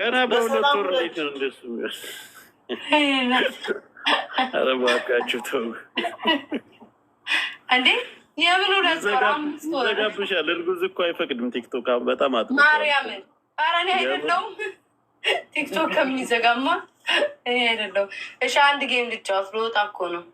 ገና በሁለት ወር ቤት ነው እንደሱ። ኧረ እባካችሁ ተው እንዴ! የምን ዘጋብሻል። እርጉዝ እኮ አይፈቅድም ቲክቶክ። በጣም አጥ ማርያምን አራኔ አይደለውም ቲክቶክ ከሚዘጋማ አይደለው። እሺ አንድ ጌም ልጫወት ልወጣ እኮ ነው።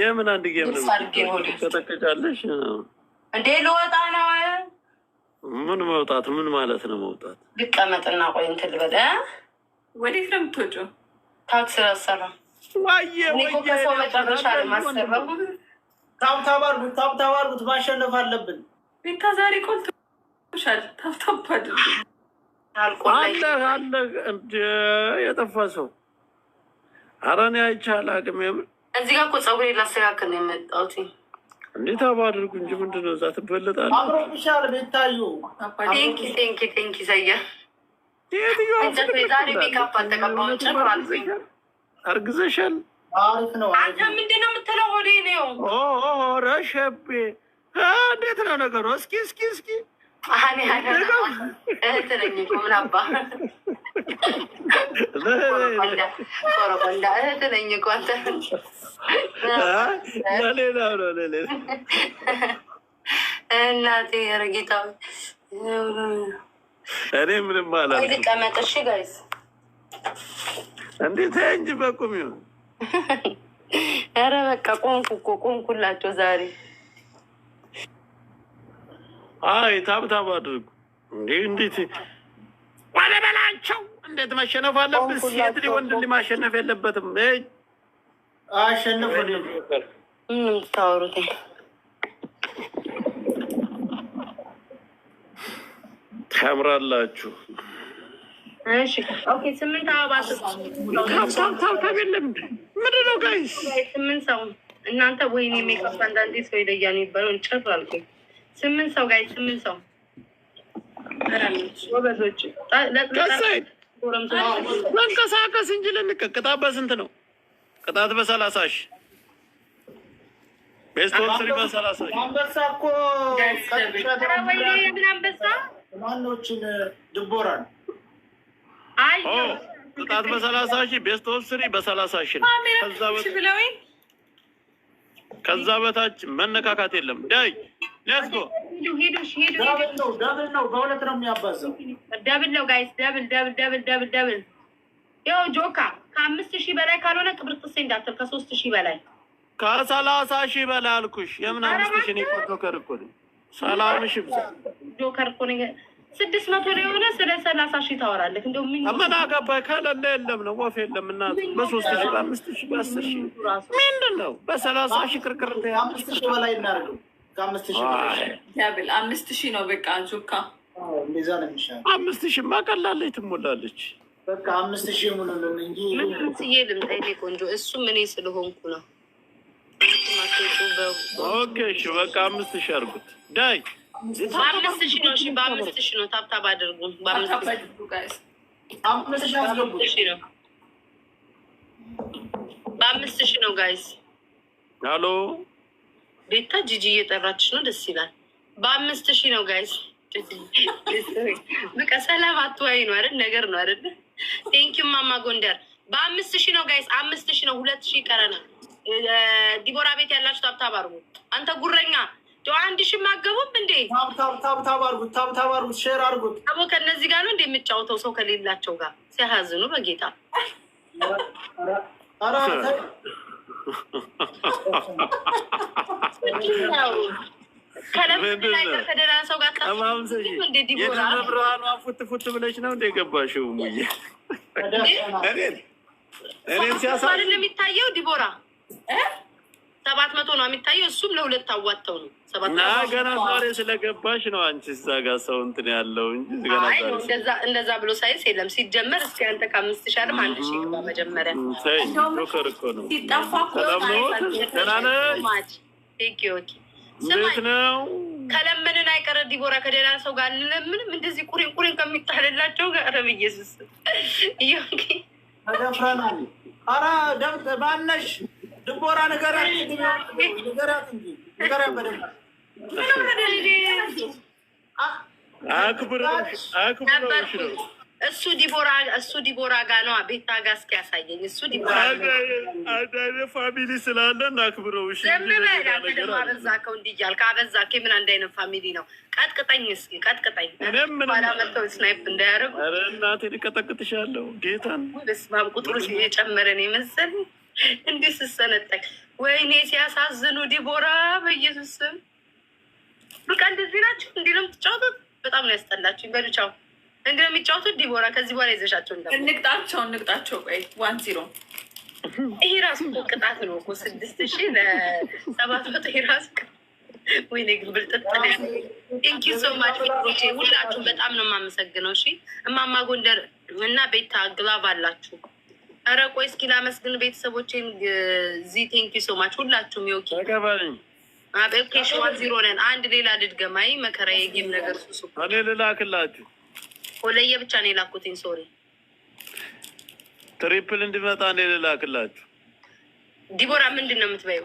የምን አንድ ጌም ነው? ተጠቅጫለሽ እንዴ? ልወጣ ነው ምን መውጣት ምን ማለት ነው? መውጣት ልቀመጥና ቆይ እንትን ልበል። ወዴት ነው የምትወጪው? ታክሲ ረሰራ ሰው መጨረሻ ለማሰራው ታብታብ አድርጉት፣ ታብታብ አድርጉት። ማሸነፍ አለብን። ቤታ ዛሬ ቆልሻል። ታብታብ አድርጉ። የጠፋ ሰው ኧረ እኔ አይቼ አላውቅም። እዚህ ጋር እኮ ፀጉሬ ላስተካክል ነው የመጣሁት እንዴት አባ አድርጉ እንጂ ምንድን ነው እዛ ትበለጣለህ። አብሮሻል ቤታዩ አርግዘሻል። ምንድን ነው የምትለው? ረሸቤ እንዴት ነው ነገሩ? እስኪ እስኪ እስኪ ነኝ ምን አባ እኔ ምንም አላልቀመጥሽ ጋይስ እንዴት እንጂ በቁም ይሁን። ኧረ በቃ ቆምኩ እኮ ቆምኩላቸው። ዛሬ አይ ታብታብ አድርጉ እንዴ! እንዴት ባለበላቸው እንዴት ማሸነፍ አለብን? ሴት ወንድ ማሸነፍ የለበትም። አሸነፍ ምታወሩት ታምራላችሁ። ስምንት አበባ ስምንት ሰው እናንተ ጭር ስምንት ሰው ጋይ ስምንት ሰው መንቀሳቀስ እንጂ ልንቀ ቅጣት በስንት ነው? ቅጣት በሰላሳ ሺህ ቤስቶሪ በሰላሳ ሺህ ቅጣት በሰላሳ ሺህ ቤስት ኦፍ በሰላሳ ሺህ ከዛ በታች መነካካት የለም ዳይ ደብል ነው፣ በሁለት ነው የሚያባዛው። ደብል ነው ጋይስ ደብል ደብል ደብል ደብል ደብል። ይኸው ጆካ ከአምስት ሺህ በላይ ካልሆነ ቅብር ጥሴ እንዳትል፣ ከሶስት ሺህ በላይ ከሰላሳ ሺህ በላይ አልኩሽ። የምን አምስት ሺህ ነው? ጆከር እኮ ሰላም ሺህ ጆከር እኮ ስድስት መቶ ላይ የሆነ ስለ ሰላሳ ሺህ ታወራለህ። እንደው ምን ምን አገባህ? ከሌለ የለም ነው ወፍ የለም እና በሶስት ሺህ በአምስት ሺህ በአስር ሺህ ምንድን ነው በሰላሳ ሺህ ክርክር በላይ እናደርገው አምስት ሺህ ነው በቃ ዙካ አምስት ሺህ ማቀላለች ትሞላለች። በቃ አምስት ሺህ ቆንጆ እሱ ምን ስለሆንኩ ነው። ኦኬ እሺ በቃ አምስት ሺህ አድርጉት። ዳይ በአምስት ሺህ ነው። እሺ በአምስት ሺህ ነው። ታብታብ አድርጉ። በአምስት ሺህ ነው ጋይስ። ሄሎ ቤታ ጂጂ እየጠራች ነው። ደስ ይላል። በአምስት ሺህ ነው ጋይስ። በቃ ሰላም አትዋይ ነው አይደል? ነገር ነው አይደል? ቴንኪዩ ማማ ጎንደር። በአምስት ሺህ ነው ጋይስ። አምስት ሺህ ነው። ሁለት ሺህ ይቀረናል። ዲቦራ ቤት ያላችሁ ታብታብ አድርጉ አንተ ጉረኛ አንድ ሺ ማገቡም እንዴ? ታብታብ አርጉት፣ ታብታብ አርጉት፣ ሼር አርጉት። አቦ ጋር ነው እንደ የምጫወተው ሰው ከሌላቸው ጋር ሲያሳዝኑ በጌታ ብርሃኗ ፉት ፉት ብለሽ ነው እንደ ገባሽው እኔን ሲያሳ የሚታየው ዲቦራ ሰባት መቶ ነው የሚታየው። እሱም ለሁለት አዋተው ነው ገና ዛሬ ስለገባሽ ነው አንቺ እዛ ጋ ሰው እንትን ያለው እንጂ እንደዛ ብሎ ሳይንስ የለም። ሲጀመር እስኪ አንተ ከአምስት ሺህ አለም አንድ ሺህ ግባ መጀመሪያ ነው። ከለምንን አይቀረ ዲቦራ ከደህና ሰው ጋር ለምንም እንደዚህ ቁሪን ቁሪን ከሚታልላቸው ጋር ብዬ ስስ ባነሽ ልቦራ ንገራት እሱ ዲቦራ እሱ ዲቦራ ጋ ነው ቤታ ጋ እስኪ ያሳየኝ። እሱ ዲቦራ ፋሚሊ ስላለ እናክብረው። እሺ ደምበል አበዛከው፣ እንዲህ እያልክ አበዛከ። ምን አንድ አይነት ፋሚሊ ነው? ቀጥቅጠኝ እስኪ ቀጥቅጠኝ። ባላመተው ስናይፕ እንዳያደርጉ እናቴ ቀጠቅጥሻለሁ። ጌታን ስማም ቁጥሮች እየጨመረ ነው እንዲህ ስሰነጠቅ ወይኔ ሲያሳዝኑ ዲቦራ በኢየሱስ ስም በቃ እንደዚህ ናቸው። እንዲህ ነው የምትጫወቱት። በጣም ነው ያስጠላችሁ። በዱቻው እንዲህ ነው የሚጫወቱት። ዲቦራ ከዚህ በኋላ ይዘሻቸው እንቅጣቸው፣ እንቅጣቸው። ቆይ ዋን ዚሮ ይሄ ራሱ ቅጣት ነው እኮ ስድስት ሺ ለሰባት መቶ ይሄ ራሱ ወይኔ ግብል ጥጥል ያ ቴንኪ ሶ ማች ሁላችሁ በጣም ነው የማመሰግነው። እሺ እማማ ጎንደር እና ቤታ ግላቭ አላችሁ ኧረ ቆይ እስኪ ላመስግን ቤተሰቦቼን። ዚ ቴንክ ዩ ሶ ማች ሁላችሁም። የውኪ ኬሽዋ ዚሮ ነን። አንድ ሌላ ልድገማይ መከራ የጌም ነገር ሱሱ እኔ ልላክላችሁ። ሆለየ ብቻ ነው የላኩትኝ። ሶሪ ትሪፕል እንድመጣ እኔ ልላክላችሁ። ዲቦራ ምንድን ነው የምትበይው?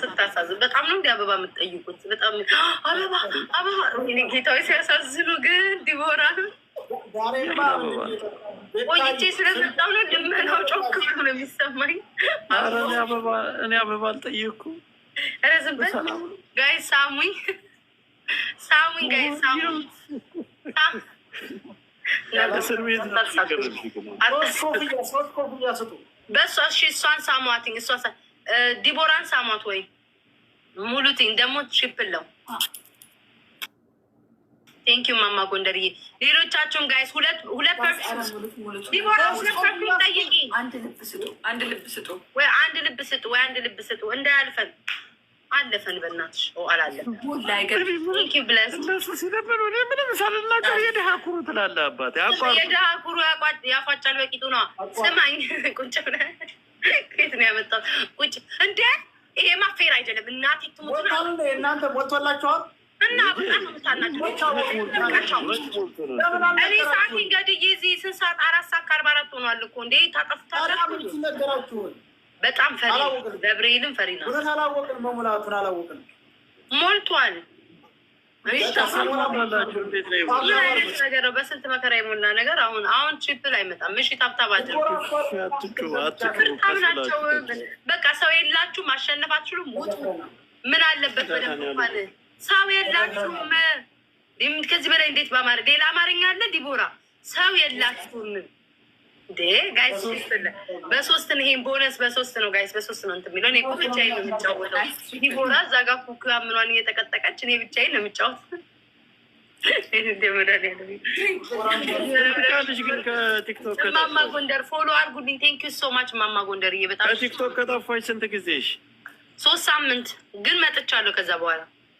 ስታሳዝ በጣም ነው እንዲ አበባ የምትጠይቁት። በጣም አበባ አበባ ጌታዊ ሲያሳዝኑ ግን ዲቦራል ቆይቼ ስለመጣሁ ነው ድመናው ጮክ ብሎ ነው የሚሰማኝ። እኔ አበባ አልጠየኩም። ኧረ ጋይ ሳሙኝ ሳሙኝ ጋይ ሳሙኝ እስር ቤት በእሷ እሺ እሷን ሳሟትኝ እሷ ዲቦራን ሳማት ወይ ሙሉትኝ ደግሞ ሽፕለው ቴንክ ዩ ማማ ጎንደርዬ። ሌሎቻቸውን ጋይስ ሁለት ሁለት ዲቦራ ሁለት ፐርፊም ጠይቂ። አንድ ልብ ስጡ ወይ አንድ ልብ ስጡ ወይ አንድ ልብ ስጡ። እንዳያልፈን አለፈን በእናትሽ አላለፈን። ምንም ሳልናገር የድሃ ኩሩ ትላለህ አባቴ። የድሃ ኩሩ ያፋጫል በቂጡ ነዋ። ስማኝ ቁንጭ ብለህ ኬት ነው ያመጣው? ቁጭ እንደ ይሄማ ፌር አይደለም። እናቴ ትሙት እናንተ ሞቶላችኋል። እና በጣም ነው የምታናቸውእኔ ሰዓት እንግዲህ የዚህ ስንት ሰዓት አራት ሰዓት ከአርባ አራት ሆኗል እኮ እንዴ ታጠፍታላችሁ። በጣም ፈሪ ገብርኤልም ፈሪ ነው። እውነት አላወቅን መሙላቱን አላወቅን ሞልቷል በስንት መከራ የሞላ ነገር አሁን አሁን አይመጣም። እሺ ታብታብ በቃ ሰው የላችሁ ማሸነፍ አትችሉም። ውጡ። ምን አለበት በደንብ ሰው የላችሁም። ከዚህ በላይ እንዴት በአማርኛ ሌላ አማርኛ አለ? ዲቦራ ሰው የላችሁም። እንዴ ጋይስ በሶስት ነው ይሄን ቦነስ በሶስት ነው ጋይስ በሶስት ነው እንትን የሚለው እኔ እኮ ብቻዬን ነው የምጫወተው። እዛ እየጠቀጠቀች እኔ ብቻዬን ነው የምጫወት። ጎንደር ፎሎ አድርጉልኝ። ቴንክ ዩ ሶ ማች ጎንደር ከጠፋች ስንት ጊዜሽ? ሶስት ሳምንት ግን መጥቻለሁ ከዛ በኋላ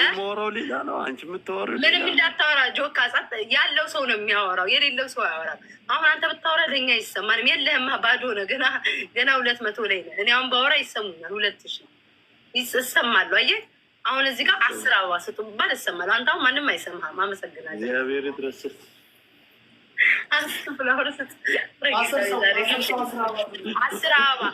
የምወራው ሌላ ነው። አንቺ የምታወራው ምንም እንዳታወራ ጆካ ጸጥ ያለው ሰው ነው የሚያወራው፣ የሌለው ሰው ያወራል። አሁን አንተ ብታወራ ለእኛ አይሰማንም። የለህማ ባዶ ነው። ገና ገና ሁለት መቶ ላይ ነው። እኔ አሁን ባወራ ይሰሙኛል። ሁለት ሺ ይሰማሉ። አየህ አሁን እዚህ ጋር አስር አበባ ስጡ ባል ይሰማል። አንተ አሁን ማንም አይሰማህም። አመሰግናለሁ። እግዚአብሔር ድረስ አስር አበባ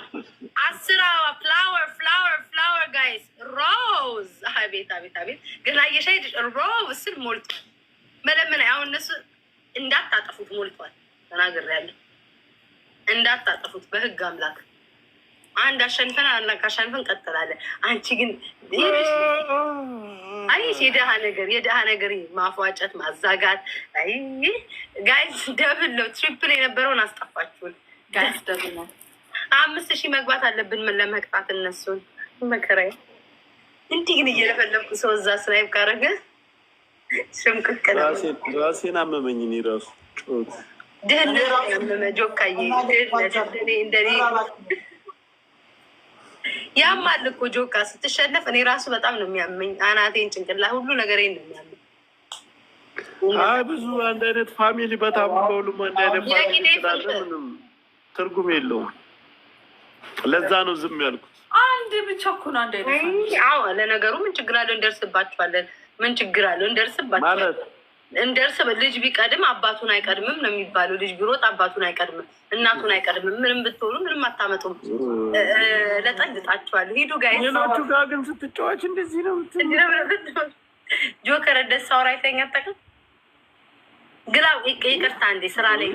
አስር አበባ ፍላወር ፍላወር ፍላወር ጋይስ ሮዝ አቤት አቤት አቤት ገና እየሻሄድ ሮዝ ስል ሞልቷል። መለመን አሁን እነሱ እንዳታጠፉት ሞልቷል። ተናግሬያለሁ፣ እንዳታጠፉት በህግ አምላክ። አንድ አሸንፈን አንድ አሸንፈን ቀጥላለን። አንቺ ግን አይሽ የድሃ ነገር የድሃ ነገር ማፏጨት ማዛጋት። አይ ጋይዝ ደብል ነው ትሪፕል የነበረውን አስጠፋችሁን። ጋይዝ ደብል ነው። አምስት ሺህ መግባት አለብን ምን ለመቅጣት እነሱን መከራ። እንዲህ ግን እየለፈለኩ ሰው እዛ ስናይብ ካረገ ሽምቅቅ ነው። ራሴን አመመኝ እኔ ራሱ ጮት ድህነት ያመመ ጆካዬ ድህነት እንደኔ ያማል እኮ ጆካ ስትሸነፍ እኔ ራሱ በጣም ነው የሚያመኝ። አናቴን፣ ጭንቅላ ሁሉ ነገሬን ነው የሚያመኝ። አይ ብዙ አንድ አይነት ፋሚሊ በጣም በሁሉም አንድ አይነት ፋሚሊ ምንም ትርጉም የለውም። ለዛ ነው ዝም ያልኩት። አንድ ብቻ እኮ ነው አንድ አይነት። አዎ ለነገሩ ምን ችግር አለው? እንደርስባችኋለን። ምን ችግር አለው? እንደርስባችኋለን ማለት እንደርስ ልጅ ቢቀድም አባቱን አይቀድምም ነው የሚባለው። ልጅ ቢሮጥ አባቱን አይቀድምም፣ እናቱን አይቀድምም። ምንም ብትሆኑ ምንም አታመጡም። ለጠግጣችኋለሁ። ሂዱ ጋይናችሁ ጋር ግን ስትጫዋች እንደዚህ ነው ጆከር ደሳው ራይተኛ ጠቅም ግላብ ይቅርታ፣ እንደ ስራ ላይ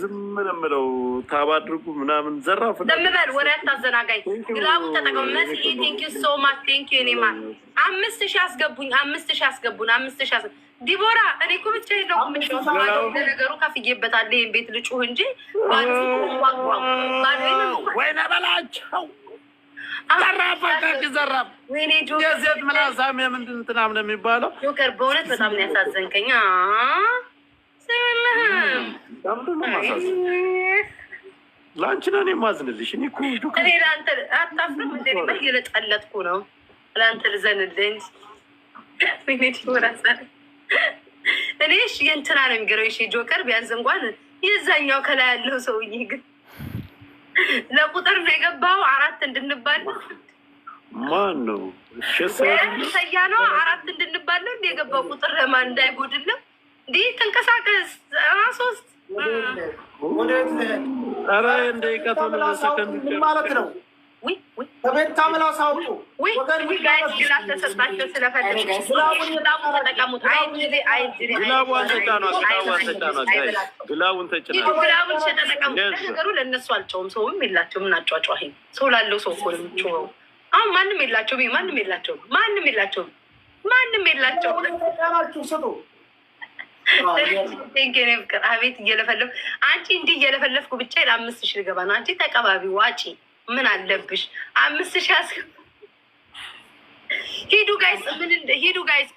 ዝም ለምለው ታባ ምናምን ዘራፍ ለምበል ወሬ አታዘናጋኝ። ግላቡ ተጠቀሙ። መስዬ ቴንኪው ሶ ማች ቴንኪው። እኔማ አምስት ሺህ አስገቡኝ፣ አምስት ሺህ አስገቡን፣ አምስት ሺህ ዲቦራ። እኔ እኮ ብቻዬን ነው የምንጫወተው። ከፍዬበታለሁ። ይሄን ቤት ልጩህ እንጂ ባዶ ወይ ነበላቸው ዘራፍ የሴት ምላሳም የምንድን እንትናም ነው የሚባለው። ጆከር በእውነት በጣም ነው ያሳዘንከኝ። ለአንቺ ነው እኔ የማዝንልሽ። እኔ እኮ አታፍርም እንደ እየለጠለጥኩ ነው ለአንተ ልዘንልህ እንጂ እኔ እሺ የእንትና ነው የሚገርመኝ። ጆከር ቢያንስ እንኳን የዛኛው ከላይ ያለው ሰውዬ ግን ለቁጥር ነው የገባው አራት እንድንባል ማን ነው ሰያ ነው አራት እንድንባል ነው የገባው ቁጥር ለማን እንዳይጎድልም እንዲህ ተንቀሳቀስ ሶስት ኧረ እንደ ቀጠ ማለት ነው ከቤት ምላስ አውጡ። ግላቡን ተጭናል። ለእነሱ አልጨውም። ሰውም የላቸውም። እናጫጫሂ ሰው ላለው ሰው እኮ ነው የምትጮኸው። አሁን ማንም የላቸውም። ማንም የላቸውም። ማንም የላቸውም። ማንም የላቸውም። ፍቅር አቤት እየለፈለፍ አንቺ እንዲህ እየለፈለፍኩ ብቻ ለአምስት ሺህ ልገባ ነው። አንቺ ተቀባቢ ዋጪ ምን አለብሽ? አምስት ሺህ ሂዱ ጋይስ ምን ሂዱ ጋይስ